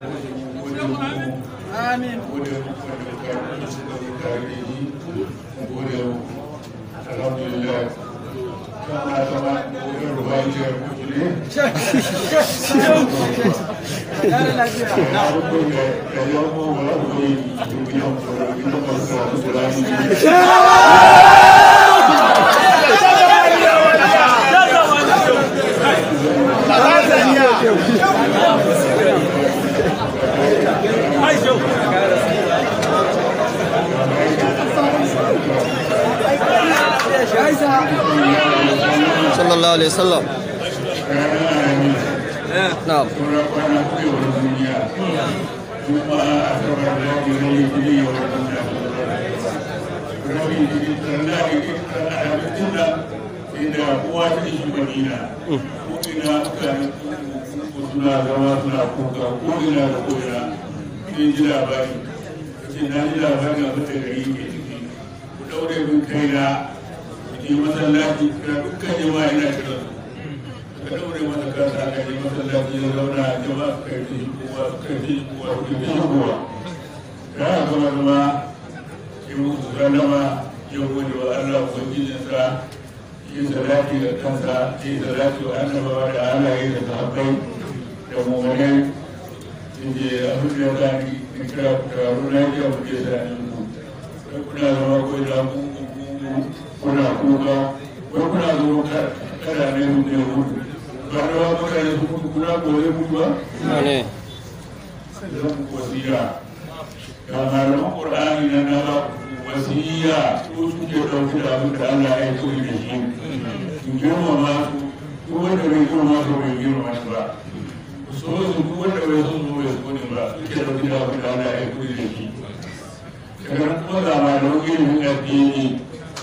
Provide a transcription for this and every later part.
Amin. Alhamdulillah. Kana zama صلى الله عليه وسلم نعم Thank نعم. you. inda uwa ta shi madina ko ina suna zama suna kuka ko ina da ko ina ji labari ce na ji labarin abin da gari ke ciki ku daure kai na ke masallaci kira dukkan jama'a yana kira su ka daure kansa ka masallaci ya zauna jama'a su karfi su karfi su karfi ka yi zama ke yau wa Allah yi salati da kansa yi salati wa annabawa da halaye da sahabbai da mummunai in a hujjar da ni kira ku na yake hujjar da ni mu kuna zama ko da mu kuna kuka ko kuna zama kada ne mu ne hudu ba da wa kuka ne hudu kuna mu ne na wasiriya ko su ke ɗauki da abin da Allah ya yi da shi su girma ma su ko wanda bai girma su bai girma su ba so su ko wanda bai so su bai so ne ba su ke ɗauki da abin da Allah ya yi da shi daga kuma ga malamin ilimin addini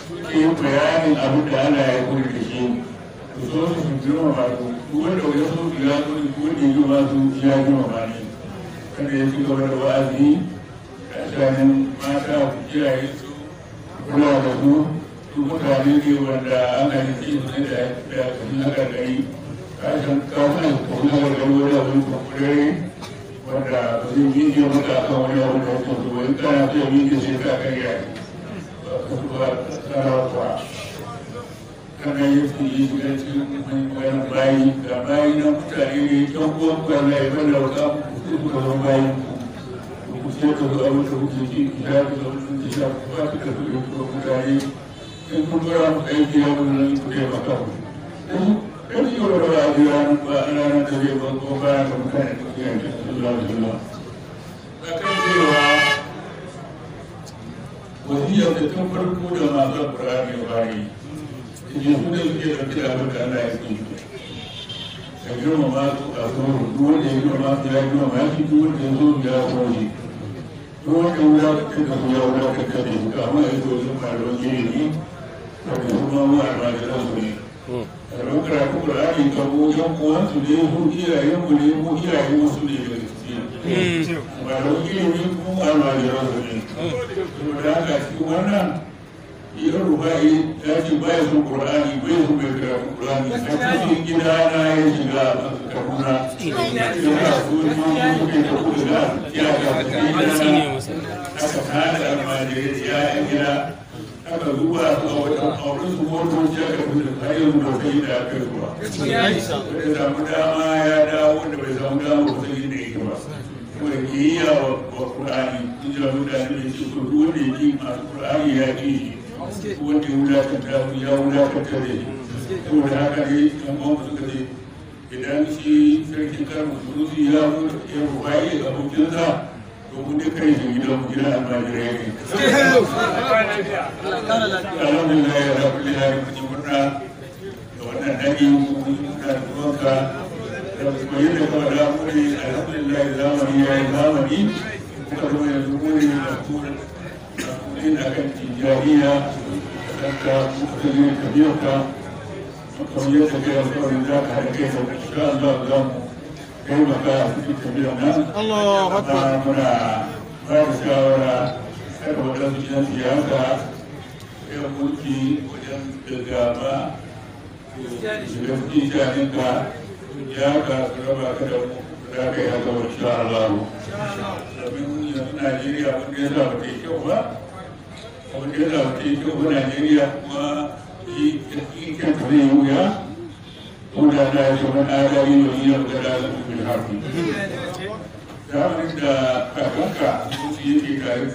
suke yin bayanin abin da Allah ya yi da shi su so su girma ma su ko wanda bai so su ya so su ko wanda ya girma su ya girmama ne kada ya ci gaba da wa'azi mutanen mata ku kiyaye kula da mutane ne wanda ana ne da da sun haka gari kasan kawunan da wanda zai yi kana yi sai ka kai ba kana yi yi bayi bayi na mutane ne don je ka zo abin da kuke ji ya ka zo abin da ya ka ka ka zo ko mutane in kun ga mu aiki ya mun nan ku kai maka ku kan yi wa ba a biya mu ba ana nan ka je ba ko ba ka mutane ku kai ka Allah Allah akan cewa wasiyar da tun farko da masu Qur'ani bari ne ku da ke da kira ka Allah ya yi ka girmama su a tsoro duk wanda ya girmama su ya girmama ya fi duk wanda ya zo ya kore ko kuma kuka kuma wata kare ka ma yi to sun maro jiri ka kuma ma ba da ran su ne ran kara ku rani ka mu yan uwan su ne mu iyayen mu ne mu iyayen mu su ne da gaskiya ba da jiri kuma ma da ran su ne to da yaro ba ya ce ba ya son qur'ani bai ya son mai karatu qur'ani na cikin gida na ya shiga kaduna ya ka so ma mu ke da kuɗi da ya ka kuɗi da aka fara almajirai ya yi gida aka zuba a wata aure su motoci aka fi da kayan da kai da aka zuba bai samu dama ya dawo wanda bai samu dama ba sai da yake ba kuma da ke yi wa qur'ani in ji mutane da ke so duk wanda ya masu qur'ani ya ji wanda ya wulakanta ya wulakanta ne saboda haka ne yan uwan suka ne idan shi sarkin kano sunusi ya zo ya rubaye abokinsa to kun dai kai shi gidan gidan almajirai ne alhamdulillah ya rabu da yari kuci murna da wannan nadi muna da ruwanka da kuma yadda kuma da kuma ne zamani ya yi zamani kuma kuma yanzu kuma ne da kuma فإنك ابتدائية تجاريه مختلف كبيرك وقويتك إلى القرن ذاك حركتك إن شاء الله لهم قولك فيك بيومنا الله أكبر ولا فارسك ولا حلوة لجنة هذا إلى ملكي وجنة الجامعة يفتيك أنت إياك ربك دومك ya kai haka wa insha Allah. Domin yanzu Najeriya wanda ya zaba da kyau ba, a wata yana wata yin kyau Najeriya kuma yin kyau zai yi wuya wanda na ya shi wani ada yin yau yau da lalata mutum harfi. Zamanin da kakanka mutum yake tare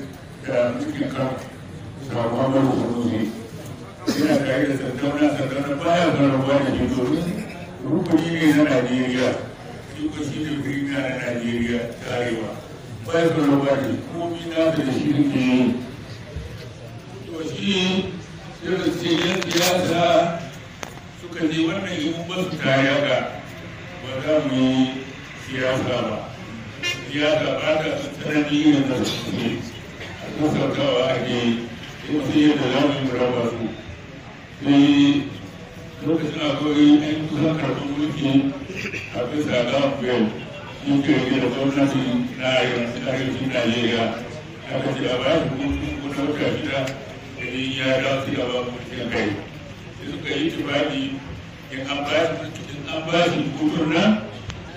da mutum ka da Muhammadu Buhari yana tare da sandauna sandauna baya farawa da shi domin rukuni ne na Najeriya. Yuka shi ne birni na Najeriya ta arewa. Baya farawa da shi komi na da addini irin ce yan siyasa suka ne wannan yi ba su kaya ba ba za mu yi siyasa ba siyasa ba ta tsanani ne na ne a kusantawa ake yi wasu yi da zamu yi raba su sai lokacin akwai yan kusan karfin mulki a bisa lafiyar yin kirki da gwamnati na arewacin najeriya aka ce a bayan kuma kuma kuma kuma gani ya dawo sai ba mu sai kai sai suka yi in an ba in an ba nan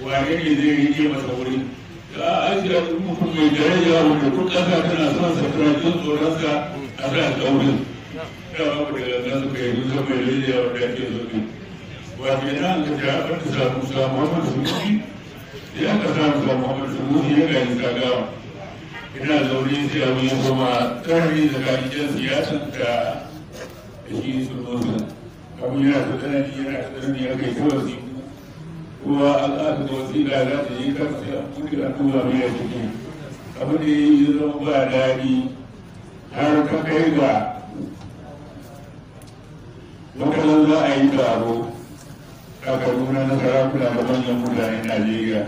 wane ne zai rike masa da a ajiya mutum mai daraja wanda duk ƙasa tana son sa tana jin a sa da ba daga nan suka yi mai daraja wanda nan ka samu samu wani ya ka samu samu wani ya yi sagawa ina zaune sai abu ya kuma karni da yan siyasan da shi sulmansa abu yana ta tsanani yana su tsanani ya kai kawai su kuma al'adu da ila za ta yi kansa sai an kuɗi a tura mai a ciki abu da ya zama ba daɗi har ka kai ga makalan za a yi taro a kaduna na sarakuna da manyan mutanen najeriya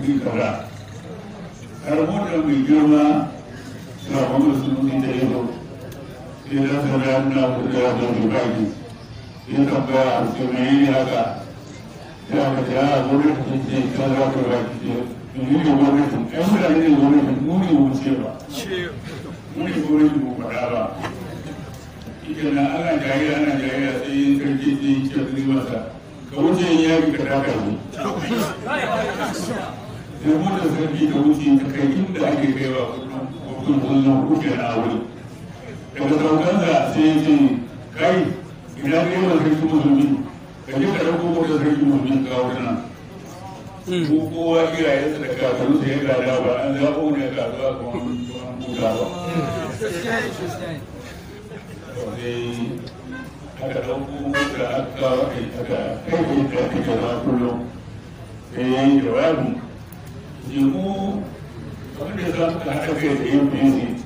yi kaza rahoton mai girma shugaban musulmi da yau ya zasa da yana kudura da rubaki ya tambaya su mai yi haka ya kaji a gwamnati ce ta za ta rubaki ce domin da gwamnati ɗan mutane ne gwamnati mu ne mu ce ba mu ne gwamnati mu faɗa ba ita na ana jayayya ana jayayya sai yin karfi sai yin kyau ne masa ka wuce yin yaki ka taka ne sai motar wuce ta kai inda ake kullum kuke na wuri daga sai ya ce kai idan kai wa sarki musulmi ka je ka ɗauko motar sarki musulmi ka kawo nan ko kowa da ya gada ba an zaɓo ne kuma an buga ba aka ɗauko aka aka kai da aka kullum sai ya yi jawabin lemu da ya samu da haɗa kai da yin ne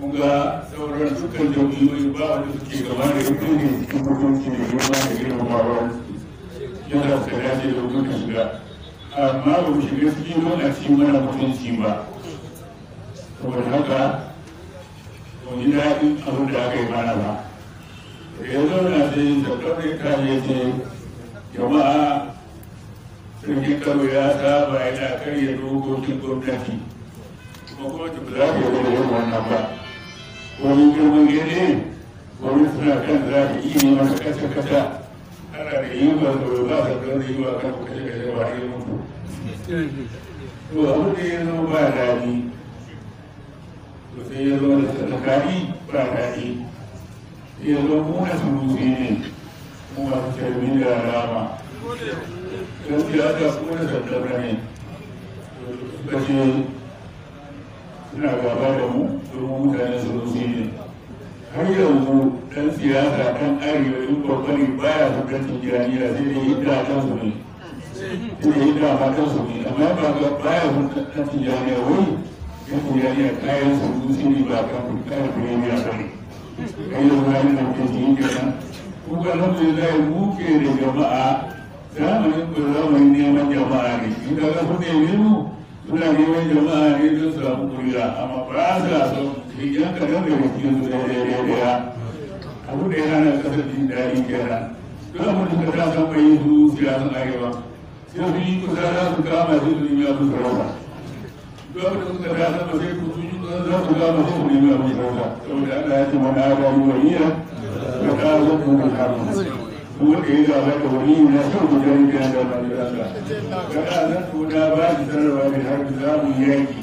kun ga sauran dukkan jami'o'i ba wanda suke gaba da yin ne cikin mutunci da girma da girmamawa yana suka dace da wani shiga amma ba mu shiga cikin wani cikin mana mutunci ba saboda haka ba ji daɗin abin da aka yi mana ba ya zauna sai da kawai ce jama'a jirgin kano ya saba yana karya dokokin gwamnati kuma gwamnati ba za ta yi da wannan ba wani girman gani wani suna kan za ta iya yi masa kasa kasa ana da yi ba da ba sa da yi wa kan kashe kashe ba yi mutu to abu da ya zama ba daɗi to sai ya zama da sadakari ba daɗi ya zama muna surutu ne kuma su shaimin da rama don fiyata kuma na tattara ne suka ce suna gaba da mu domin mutane su har yanzu ɗan siyasa kan arewa in kwakwari baya hukuntar jiraniya sai dai hidda kan su ne sai dai hidda ma kan ne amma ba baya hukuntar jiraniya wai kan jiraniya kayan su su ne ba kan kayan jiraniya ba ne kai yanzu na yi nan kan jiraniya ko ga alhamdulillah mu da jama'a zamanin ku zamanin neman jama'a ne in ka ga kun neme mu suna neman jama'a ne don su samu kuriya amma ba su a son hijan ka ga mai cikin su da daidai daya abu da ya hana kasar jin daɗi kenan don abin da ka ta san bai su siyasan arewa sai su yi kusa za su kama su su nemi abin sarauta don abin da suka ta san ba sai ku sun yi kusa za su kama su su ya ce mana ya ba ta wanda ya zaba wani wani na son ku gani kana da wani zaka kana nan ko da ba ki sanarwa da har za mu yaki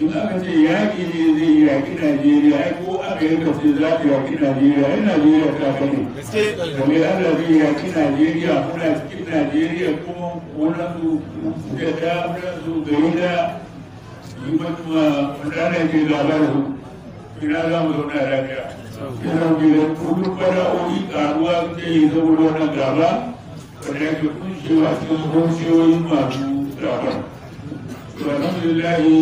in aka ce yaƙi ne zai yaki Najeriya ai ko aka yi kafin za ta yaki Najeriya ai Najeriya ta kane kamar Allah zai yaki Najeriya kuna cikin Najeriya kuma wannan su da ta wannan su gari da yi mutuwa wanda ana ke labarin ina za mu zauna lafiya yana wuyan kullum bara'o'i karuwa suke yi saboda wannan gaba wanda yake kunshewa cikin kunshewoyin masu gabar to alhamdulillahi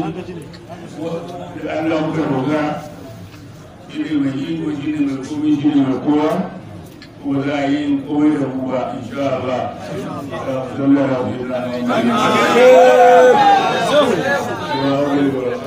da allah muka roga shi ne mai iko shi ne mai komai shi ne mai kowa ko za a yi komai da mu ba insha Allah sallallahu alaihi wa sallam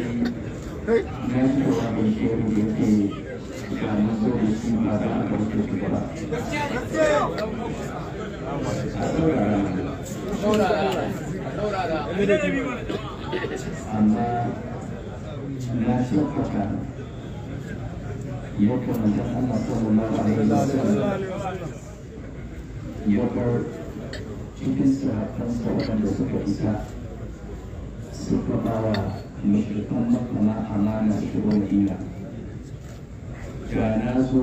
amma na tabbata ya kamata Allah sallallahu alaihi wasallam ya cikin mashirkan makama amana su madina ga na zo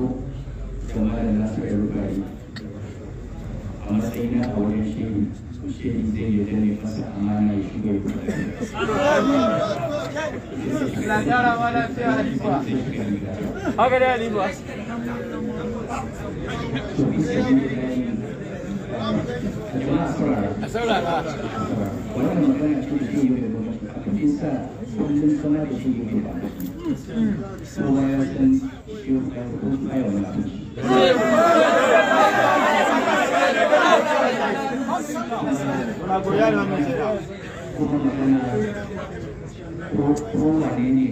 game da nasu da rukari a matsayina a wurin shehu shehu ne masa amana ya shiga yi Haka dai a saurara magana ce ke sa kullum da shi yake da kowa ya san na kuma kai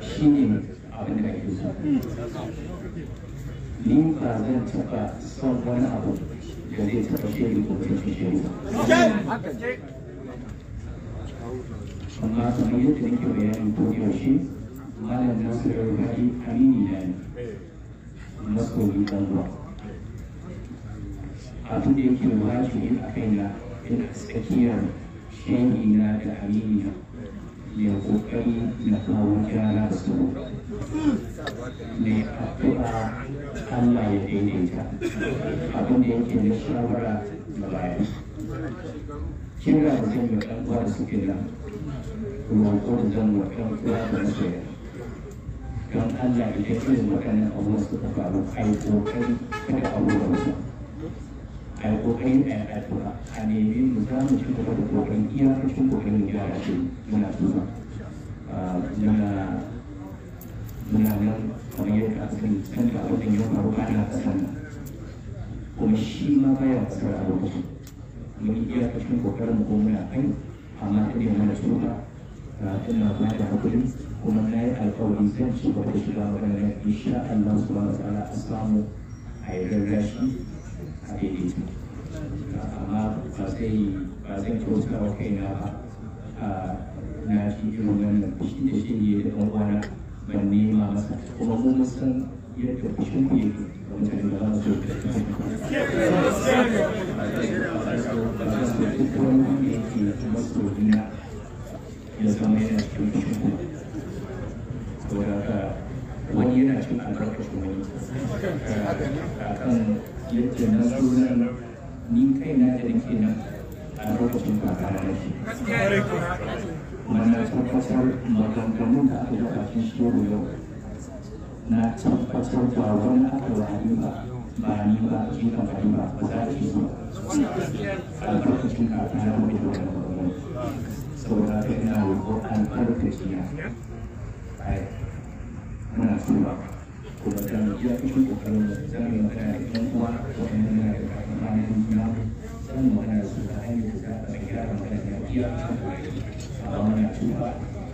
su abin ni ba zan taɓa son wani abu da zai taɓa ke yi ko ta fi shi amma kamar ko malam nasiru hadi amini na ne masoyi ɗan abin da yake wajibi a kaina ina tsakiyar shahina da aminiya mai kokari na kawo gyara da su mai addu'a Allah ya daidaita abin da yake na shawara da bayan kira da zan yi ɗan'uwa da suke nan Ruwan, ko da zan yi ɗan'uwa da suke nan. don Allah idan irin waɗannan abubuwan suka faru a yi kokari kada abubuwan su a a yi addu'a a nemi mu za mu ci gaba da kokari iyakacin kokarin gida da ke muna duba muna muna nan kamar yadda aka sani kan da abin ya faru a ana kasan nan kuma shi ma baya ƙasar a lokacin mun iyakacin kokarin mu ko muna kai amma ta nemi mana suka tana ba da hakuri kuma na yi alkawari zan ci gaba da shiga maganar insha Allah subhanahu wa ta'ala a samu a yi rarrashi a daidaita ba zai ba ba na fi irin wannan fushi da ɗan ban nema yake ba masoyina maganganun da aka yi bakin soro yau na tabbatar da wani aka rayu ba ba ni ba su kan ba ba ba za a ci ba albarkacin na ta yi wani wani wani saboda ka ina roƙo an karfafa na ai muna tura kuma kan jiya cikin ƙoƙarin da za mu yi magana da ɗan uwa waɗanda muna da kafin juna za mu magana da su ta hanyar da za a gyara magana da jiya amma muna tura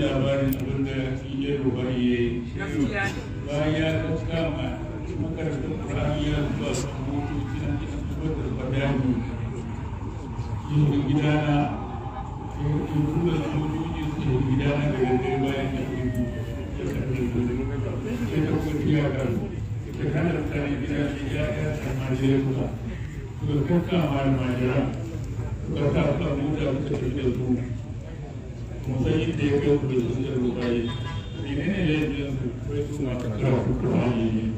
labarin abin da ya yi bayan ya kama makarantar ƙura'ani ya zuwa su motoci an ji asibar da ya ya kanar tare gida ya kuma suka suka Musajid dekat untuk tunjuk muka ini. Ini ni leh dia untuk semua kerja ini.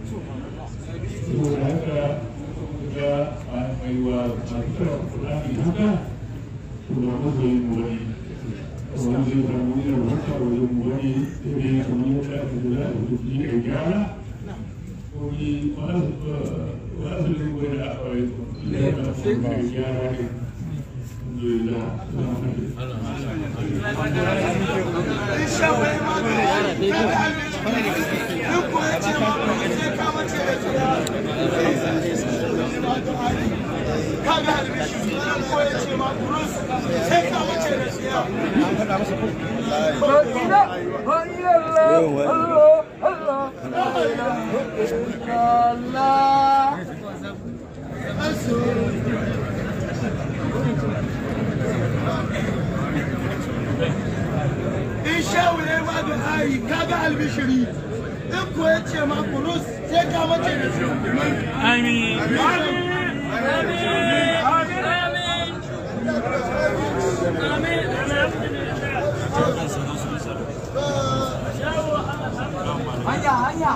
Semua kerja ada kedua kerja ini. Apa? Semua kerja ini mulai. Kalau dia tak mungkin orang tak boleh mulai. Ini yang kami cakap kepada untuk ini kerja. Kami pas pas dulu berapa itu? Lepas berapa? kaga halbe da in shehu ya yi wa du'ayi kaga albishiri in ko ya ce ma kurus sai ka mace da shi amin Hanya, hanya.